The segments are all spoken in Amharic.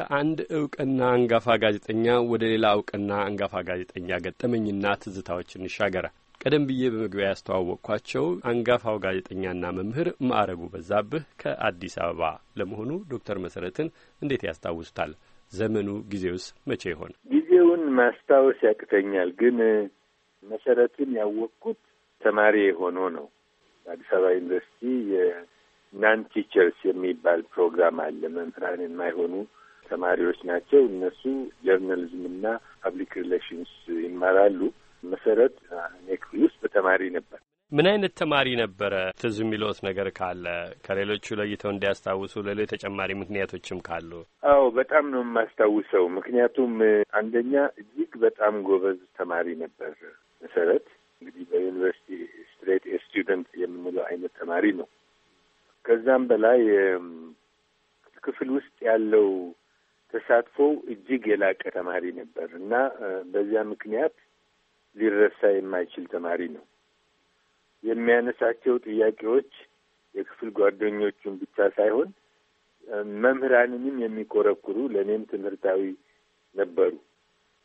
ከአንድ እውቅና አንጋፋ ጋዜጠኛ ወደ ሌላ እውቅና አንጋፋ ጋዜጠኛ ገጠመኝና ትዝታዎች እንሻገረ። ቀደም ብዬ በመግቢያ ያስተዋወቅኳቸው አንጋፋው ጋዜጠኛና መምህር ማዕረጉ በዛብህ ከአዲስ አበባ ለመሆኑ ዶክተር መሰረትን እንዴት ያስታውሱታል? ዘመኑ ጊዜውስ መቼ ይሆን? ጊዜውን ማስታወስ ያቅተኛል። ግን መሰረትን ያወቅኩት ተማሪ የሆኖ ነው። በአዲስ አበባ ዩኒቨርሲቲ የናን ቲቸርስ የሚባል ፕሮግራም አለ። መምህራን የማይሆኑ ተማሪዎች ናቸው። እነሱ ጀርናሊዝምና ፐብሊክ ሪሌሽንስ ይማራሉ። መሰረት እኔ ክፍል ውስጥ ተማሪ ነበር። ምን አይነት ተማሪ ነበረ? ትዝ የሚለውት ነገር ካለ ከሌሎቹ ለይተው እንዲያስታውሱ ሌሎች ተጨማሪ ምክንያቶችም ካሉ። አዎ በጣም ነው የማስታውሰው። ምክንያቱም አንደኛ እጅግ በጣም ጎበዝ ተማሪ ነበር መሰረት። እንግዲህ በዩኒቨርሲቲ ስትሬት ስቱደንት የምንለው አይነት ተማሪ ነው። ከዛም በላይ ክፍል ውስጥ ያለው ተሳትፎው እጅግ የላቀ ተማሪ ነበር እና በዚያ ምክንያት ሊረሳ የማይችል ተማሪ ነው። የሚያነሳቸው ጥያቄዎች የክፍል ጓደኞቹን ብቻ ሳይሆን መምህራንንም የሚኮረኩሩ ለእኔም ትምህርታዊ ነበሩ።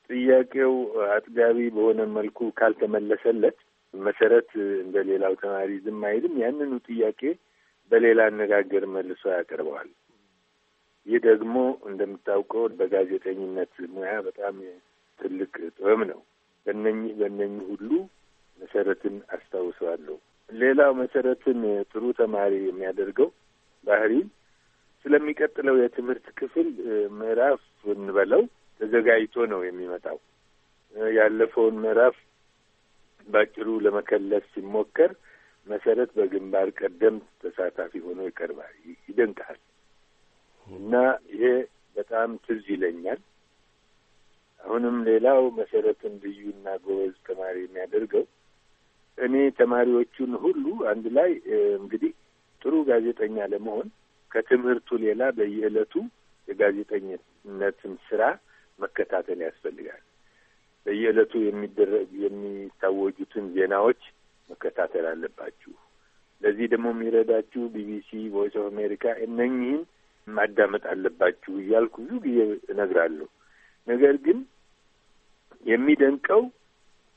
ጥያቄው አጥጋቢ በሆነ መልኩ ካልተመለሰለት መሰረት እንደ ሌላው ተማሪ ዝም አይልም። ያንኑ ጥያቄ በሌላ አነጋገር መልሶ ያቀርበዋል። ይህ ደግሞ እንደምታውቀው በጋዜጠኝነት ሙያ በጣም ትልቅ ጥበብ ነው። በነኚህ በነኚህ ሁሉ መሰረትን አስታውሰዋለሁ። ሌላው መሰረትን ጥሩ ተማሪ የሚያደርገው ባህሪ ስለሚቀጥለው የትምህርት ክፍል ምዕራፍ እንበለው ተዘጋጅቶ ነው የሚመጣው። ያለፈውን ምዕራፍ ባጭሩ ለመከለስ ሲሞከር መሰረት በግንባር ቀደም ተሳታፊ ሆኖ ይቀርባል። ይደንቃል። እና ይሄ በጣም ትዝ ይለኛል። አሁንም ሌላው መሰረትን ልዩና ጎበዝ ተማሪ የሚያደርገው እኔ ተማሪዎቹን ሁሉ አንድ ላይ እንግዲህ ጥሩ ጋዜጠኛ ለመሆን ከትምህርቱ ሌላ በየዕለቱ የጋዜጠኝነትን ስራ መከታተል ያስፈልጋል። በየዕለቱ የሚደረግ የሚታወጁትን ዜናዎች መከታተል አለባችሁ። ለዚህ ደግሞ የሚረዳችሁ ቢቢሲ፣ ቮይስ ኦፍ አሜሪካ እነኚህን ማዳመጥ አለባችሁ እያልኩ ብዙ ጊዜ እነግራለሁ። ነገር ግን የሚደንቀው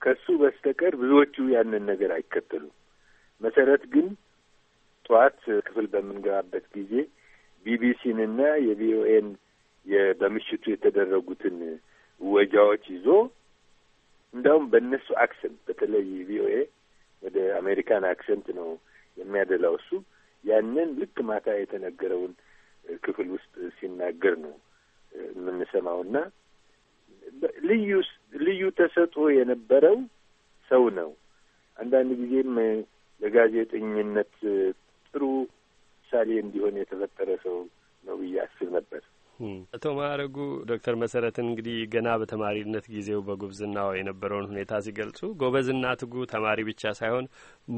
ከሱ በስተቀር ብዙዎቹ ያንን ነገር አይከተሉም። መሰረት ግን ጠዋት ክፍል በምንገባበት ጊዜ ቢቢሲንና የቪኦኤን በምሽቱ የተደረጉትን ወጃዎች ይዞ እንዲያውም በእነሱ አክሰንት በተለይ ቪኦኤ ወደ አሜሪካን አክሰንት ነው የሚያደላው። እሱ ያንን ልክ ማታ የተነገረውን ክፍል ውስጥ ሲናገር ነው የምንሰማውና ልዩ ልዩ ተሰጥኦ የነበረው ሰው ነው። አንዳንድ ጊዜም ለጋዜጠኝነት ጥሩ ምሳሌ እንዲሆን የተፈጠረ ሰው ነው ብዬ አስብ ነበር። አቶ ማረጉ ዶክተር መሰረትን እንግዲህ ገና በተማሪነት ጊዜው በጉብዝናው የነበረውን ሁኔታ ሲገልጹ ጎበዝና ትጉ ተማሪ ብቻ ሳይሆን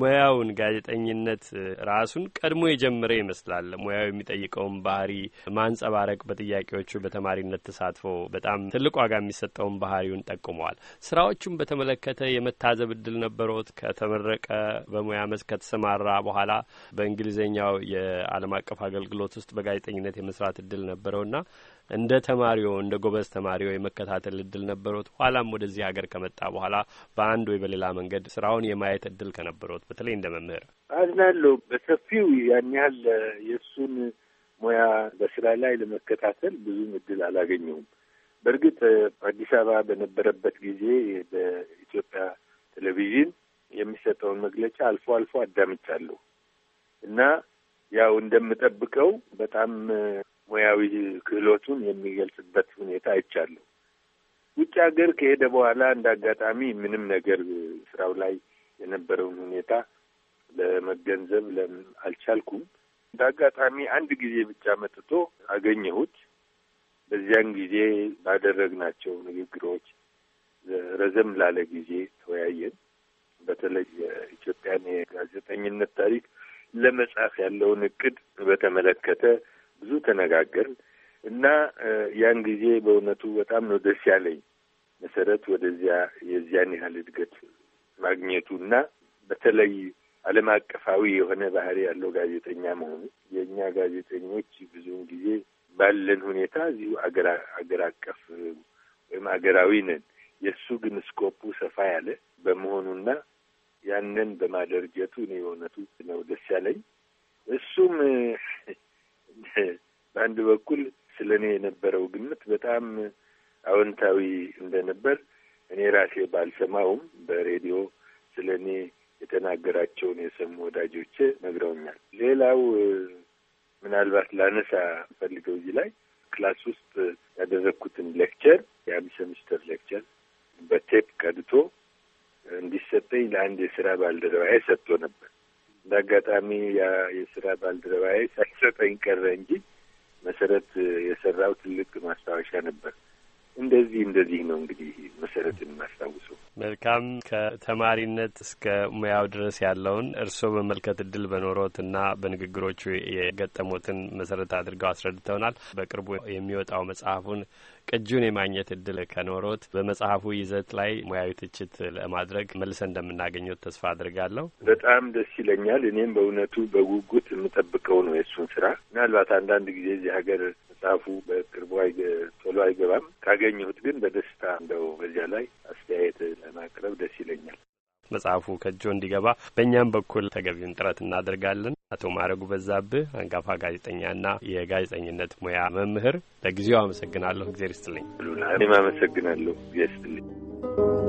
ሙያውን ጋዜጠኝነት ራሱን ቀድሞ የጀመረ ይመስላል። ሙያው የሚጠይቀውን ባህሪ ማንጸባረቅ በጥያቄዎቹ በተማሪነት ተሳትፎ በጣም ትልቅ ዋጋ የሚሰጠውን ባህሪውን ጠቁመዋል። ስራዎቹን በተመለከተ የመታዘብ እድል ነበሮት? ከተመረቀ በሙያ መስክ ከተሰማራ በኋላ በእንግሊዝኛው የዓለም አቀፍ አገልግሎት ውስጥ በጋዜጠኝነት የመስራት እድል ነበረውና እንደ ተማሪዎ እንደ ጎበዝ ተማሪዎ የመከታተል እድል ነበሮት? ኋላም ወደዚህ ሀገር ከመጣ በኋላ በአንድ ወይ በሌላ መንገድ ስራውን የማየት እድል ከነበሮት፣ በተለይ እንደ መምህር አዝናለሁ። በሰፊው ያን ያህል የእሱን ሙያ በስራ ላይ ለመከታተል ብዙም እድል አላገኘውም። በእርግጥ አዲስ አበባ በነበረበት ጊዜ በኢትዮጵያ ቴሌቪዥን የሚሰጠውን መግለጫ አልፎ አልፎ አዳምጫለሁ እና ያው እንደምጠብቀው በጣም ሙያዊ ክህሎቱን የሚገልጽበት ሁኔታ አይቻለሁ። ውጭ ሀገር ከሄደ በኋላ እንደ አጋጣሚ ምንም ነገር ስራው ላይ የነበረውን ሁኔታ ለመገንዘብ ለምን አልቻልኩም። እንደ አጋጣሚ አንድ ጊዜ ብቻ መጥቶ አገኘሁት። በዚያን ጊዜ ባደረግናቸው ንግግሮች ረዘም ላለ ጊዜ ተወያየን። በተለይ የኢትዮጵያን የጋዜጠኝነት ታሪክ ለመጻፍ ያለውን እቅድ በተመለከተ ብዙ ተነጋገርን እና ያን ጊዜ በእውነቱ በጣም ነው ደስ ያለኝ መሰረት ወደዚያ የዚያን ያህል እድገት ማግኘቱ እና በተለይ ዓለም አቀፋዊ የሆነ ባህሪ ያለው ጋዜጠኛ መሆኑ የእኛ ጋዜጠኞች ብዙውን ጊዜ ባለን ሁኔታ እዚሁ አገር አቀፍ ወይም አገራዊ ነን። የእሱ ግን ስኮፑ ሰፋ ያለ በመሆኑና ያንን በማደርጀቱ እኔ የእውነቱ ነው ደስ ያለኝ። እሱም በአንድ በኩል ስለ እኔ የነበረው ግምት በጣም አዎንታዊ እንደነበር እኔ ራሴ ባልሰማውም በሬዲዮ ስለ እኔ የተናገራቸውን የሰሙ ወዳጆቼ ነግረውኛል። ሌላው ምናልባት ላነሳ ፈልገው እዚህ ላይ ክላስ ውስጥ ያደረግኩትን ሌክቸር የአንድ ሴሚስተር ሌክቸር በቴፕ ቀድቶ እንዲሰጠኝ ለአንድ የስራ ባልደረባዬ ሰጥቶ ነበር። በአጋጣሚ የስራ ባልደረባዬ ሳይሰጠኝ ቀረ እንጂ መሰረት የሰራው ትልቅ ማስታወሻ ነበር። እንደዚህ እንደዚህ ነው እንግዲህ መሰረትን የማስታውሰው። መልካም ከተማሪነት እስከ ሙያው ድረስ ያለውን እርስዎ በመልከት እድል በኖሮት እና በንግግሮቹ የገጠሙትን መሰረት አድርገው አስረድተውናል። በቅርቡ የሚወጣው መጽሐፉን ቅጁን የማግኘት እድል ከኖሮት በመጽሐፉ ይዘት ላይ ሙያዊ ትችት ለማድረግ መልሰ እንደምናገኘት ተስፋ አድርጋለሁ። በጣም ደስ ይለኛል። እኔም በእውነቱ በጉጉት የምጠብቀው ነው የእሱን ስራ። ምናልባት አንዳንድ ጊዜ እዚህ ሀገር መጽሐፉ በቅርቡ ቶሎ አይገባም። ካገኘሁት ግን በደስታ እንደው በዚያ ላይ አስተያየት ለማቅረብ ደስ ይለኛል። መጽሐፉ ከጆ እንዲገባ በእኛም በኩል ተገቢውን ጥረት እናደርጋለን። አቶ ማረጉ በዛብህ አንጋፋ ጋዜጠኛና የጋዜጠኝነት ሙያ መምህር፣ ለጊዜው አመሰግናለሁ። እግዜር ይስጥልኝ። እኔም አመሰግናለሁ። እግዜር ይስጥልኝ።